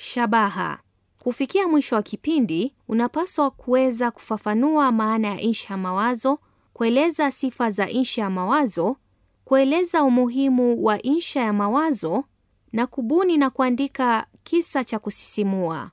Shabaha. Kufikia mwisho wa kipindi, unapaswa kuweza kufafanua maana ya insha ya mawazo, kueleza sifa za insha ya mawazo, kueleza umuhimu wa insha ya mawazo na kubuni na kuandika kisa cha kusisimua.